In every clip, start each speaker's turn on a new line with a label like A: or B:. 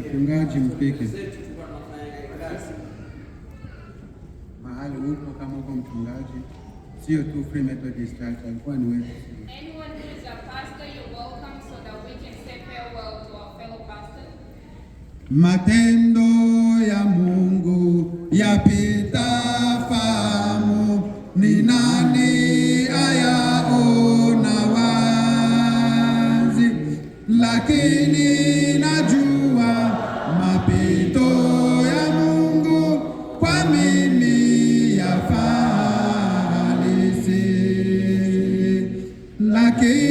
A: Mchungaji Mpike, mahali upo kama uko mchungaji, sio tu Free Methodist Church, alikuwa ni wetu
B: Matendo ya Mungu yapita fahamu, ni nani ayaona wazi, lakini que ir.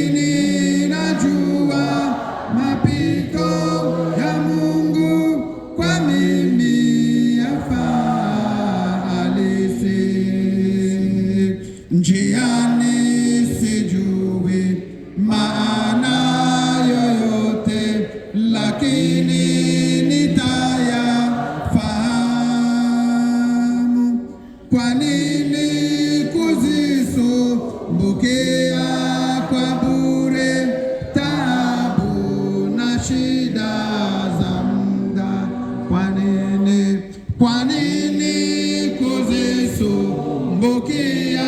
B: Boki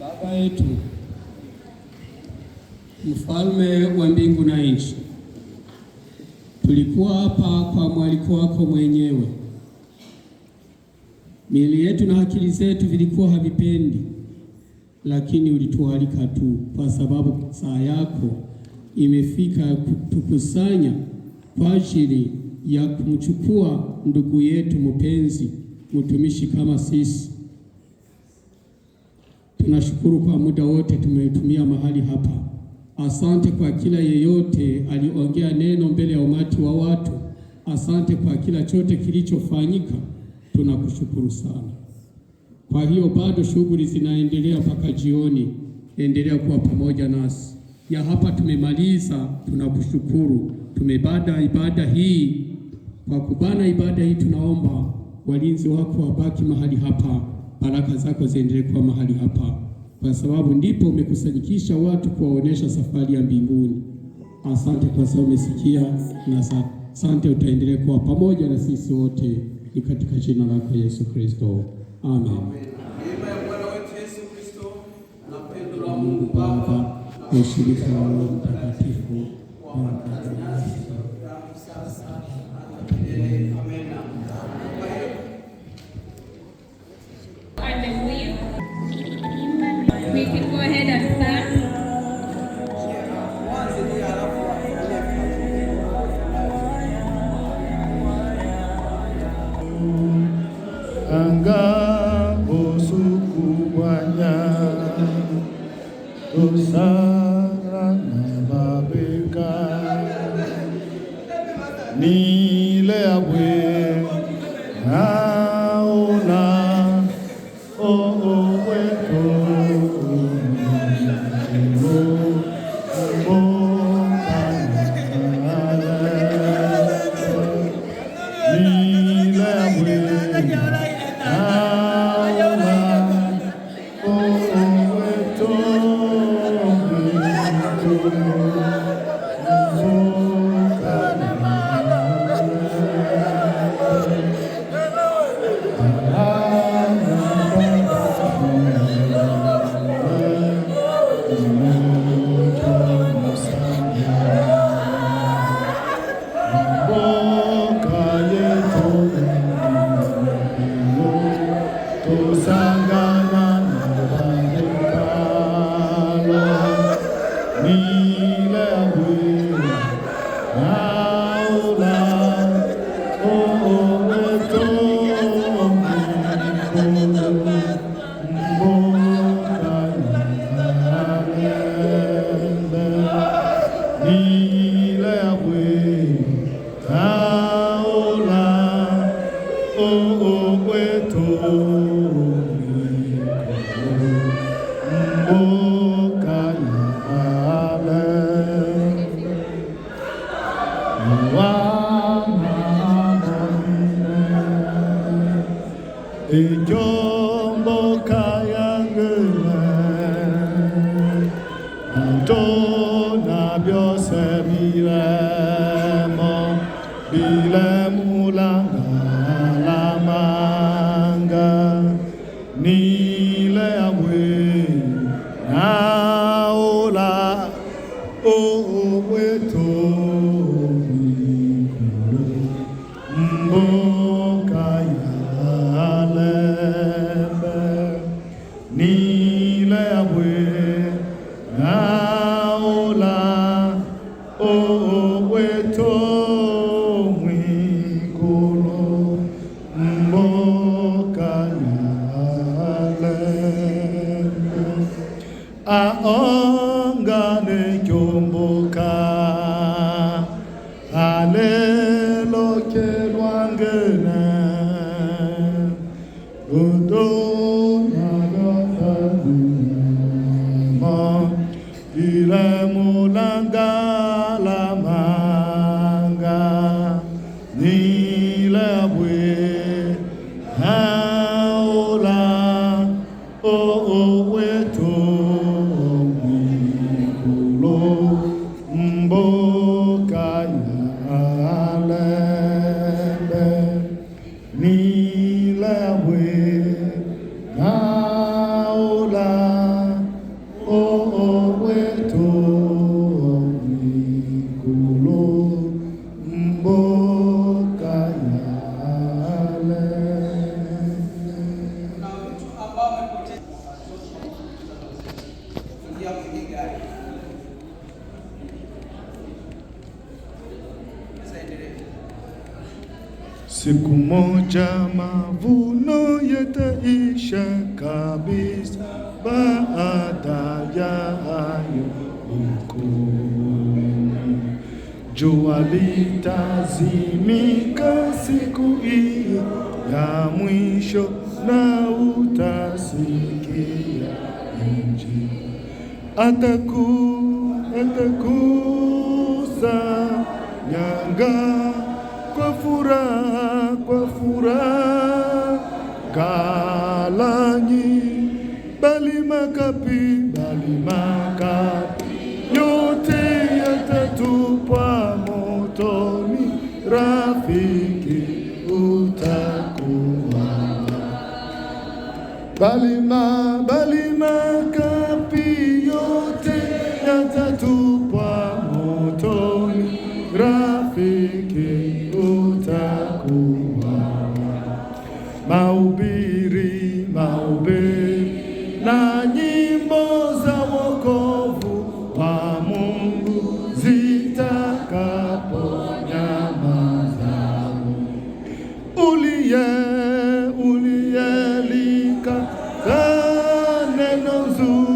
C: Baba yetu mfalme wa mbingu na nchi, tulikuwa hapa kwa mwaliko wako mwenyewe. Miili yetu na akili zetu vilikuwa havipendi, lakini ulitualika tu, kwa sababu saa yako imefika kutukusanya kwa ajili ya kumchukua ndugu yetu mpenzi, mtumishi kama sisi Tunashukuru kwa muda wote tumetumia mahali hapa. Asante kwa kila yeyote aliongea neno mbele ya umati wa watu. Asante kwa kila chote kilichofanyika, tunakushukuru sana. Kwa hiyo bado shughuli zinaendelea mpaka jioni. Endelea kuwa pamoja nasi. Ya hapa tumemaliza, tunakushukuru. Tumebada ibada hii. Kwa kubana ibada hii, tunaomba walinzi wako wabaki mahali hapa baraka zako ziendelee kuwa mahali hapa, kwa sababu ndipo umekusanyikisha watu kuwaonesha safari ya mbinguni. Asante kwa sababu umesikia, na asante utaendelea kuwa pamoja na sisi wote, ni katika jina lako Yesu Kristo, amen.
D: Mungu Baba na ushirika wa Roho Mtakatifu
B: Ouça Yo Siku moja mavuno yataisha kabisa, baada ya hayo huko jua litazimika siku hiyo ya mwisho, na utasikia nchi ataku sa nyanga furaha kwa furaha kalanyi bali makapi bali makapi yote yatatupwa motoni rafiki utakuwa bali Jesus.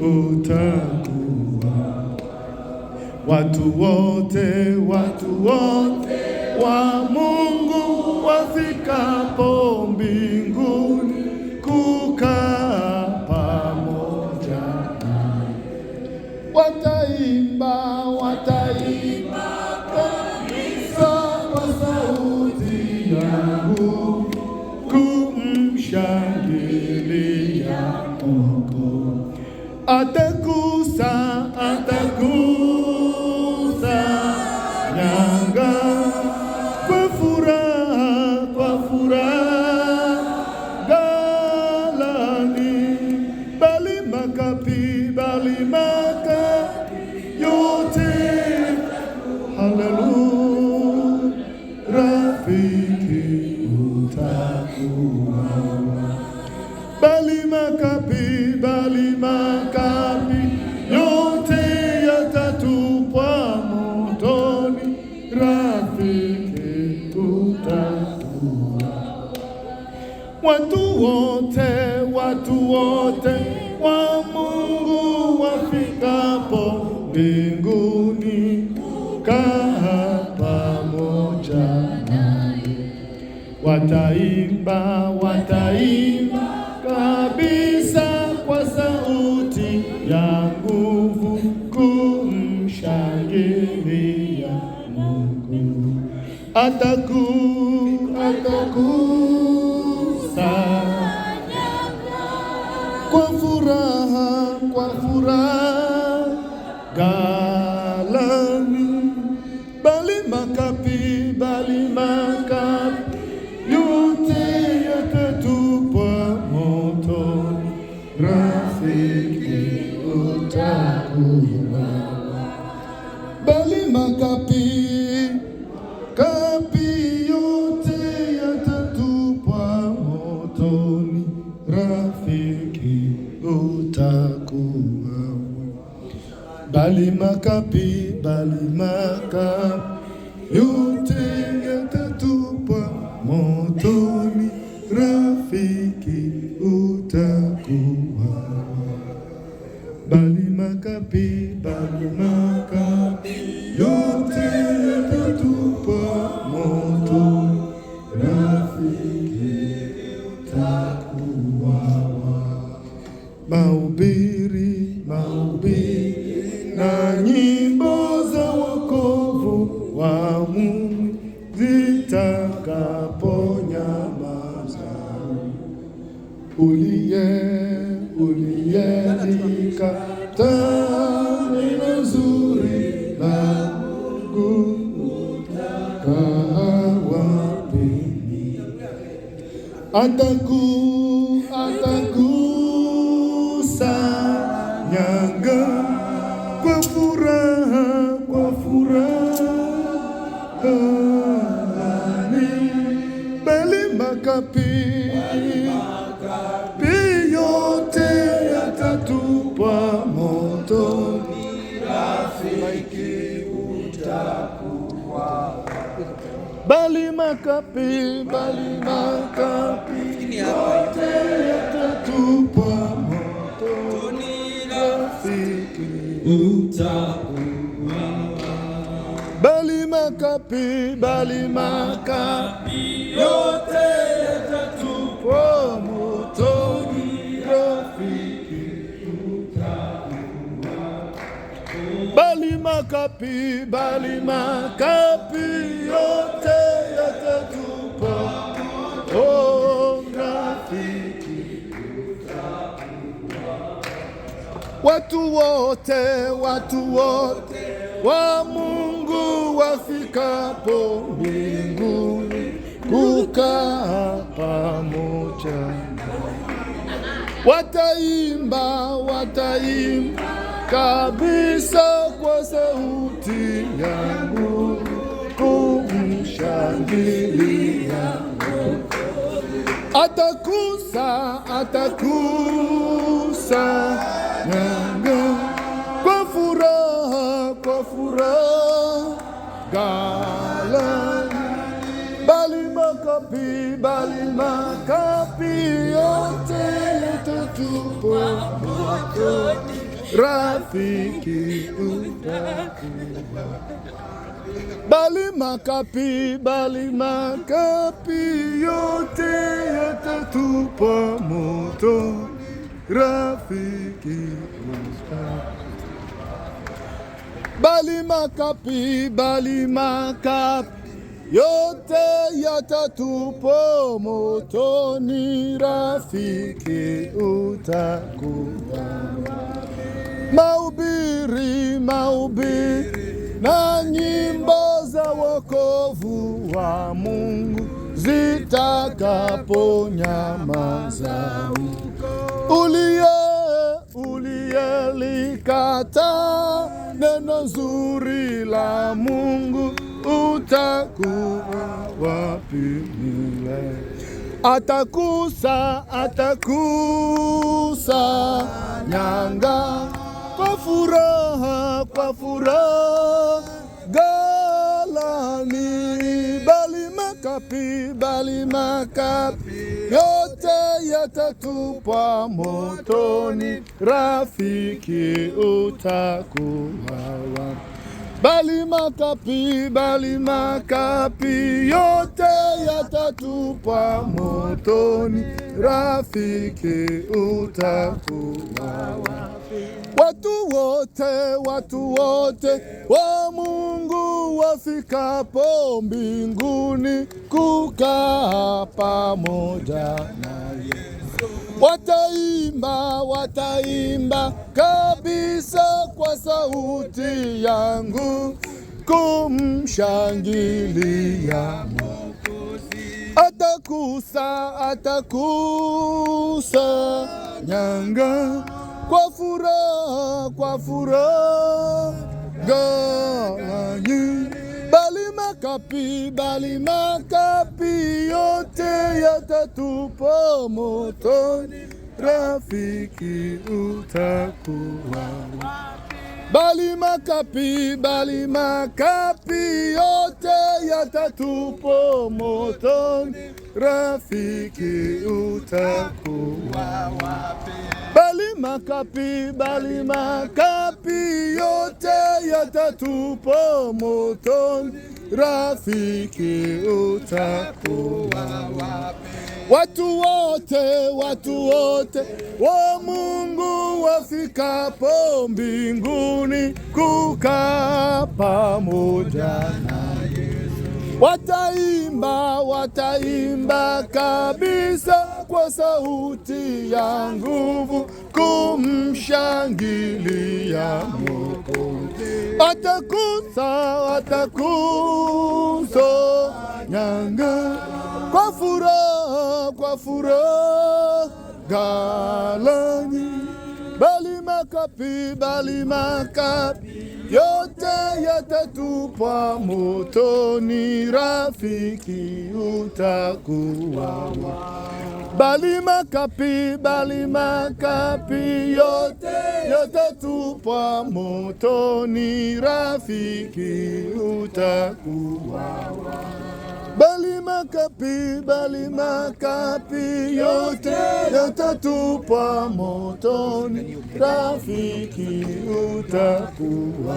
B: utakuwa. Watu wote, watu wote wa Mungu wafika hapo mbinguni, kaa pamoja naye. Wataimba, wataimba kabisa kwa sauti ya nguvu kumshangilia Mungu ataku atakusanyaga kwa furaha, kwa furaha bali makapi yote yatatupa moto rafiki utakuwa bali makapi, bali makapi Bali makapi, bali makapi, yote yatatupwa motoni, rafiki, utakuwa. Bali makapi, bali makapi, yote yatatupwa watu wote, watu wote wa Mungu wafikapo mbinguni kukaa pamoja, wataimba wataimba kabisa kwa sauti yangu kumshangilia Atakusa, atakusa nanga kwa furaha, kwa furaha gala bali makapi, bali makapi yote yatatupa kwako rafiki utakuwa Bali makapi, bali makapi, yote yatatupa moto, rafiki. Bali makapi, bali makapi, yote yatatupa motoni, rafiki, utakuwa. Maubiri, maubiri na nyimbo za wokovu wa Mungu zitakaponyamaza huko. Uliye likata neno zuri la Mungu utakuwa wapi milele? Atakusa, atakusa nyanga kwa furaha kwa furaha galani, bali makapi, bali makapi yote yatatupwa motoni, rafiki utakuwawa bali makapi, bali makapi yote yatatupwa motoni, rafiki utakuwa Watu wote watu wote wa Mungu wafikapo mbinguni kukaa pamoja naye, wataimba wataimba kabisa kwa sauti yangu kumshangilia atakusa atakusa nyanga kwa furaha, kwa furaha gani. Bali makapi, yote yatatupwa motoni, rafiki utakuwa Bali makapi, bali makapi yote yatatupwa motoni, rafiki utakuwa wapi? Bali makapi, bali makapi, yote yatatupwa motoni. Rafiki, utakuwa wapi? Watu wote, watu wote wa Mungu wafikapo mbinguni, kukaa pamoja na Wataimba, wataimba kabisa kwa sauti ya nguvu kumshangilia Mwokozi. Watakusa, watakuso nyanga kwa furaha, kwa furaha galani, bali makapi, bali makapi yote yatatupwa motoni, rafiki utakuwa wapi? Bali makapi, bali makapi, yote yatatupwa motoni, rafiki utakuwa wapi? Bali makapi, bali makapi yote yatatupwa motoni, rafiki utakuwa.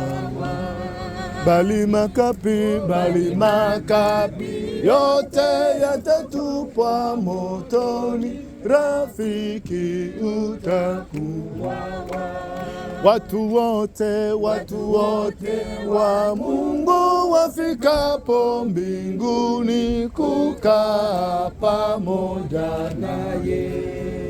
B: Bali makapi, bali makapi yote yatatupwa motoni, rafiki utakuwa. Watu wote watu wote wa Mungu wafikapo mbinguni kukaa pamoja naye.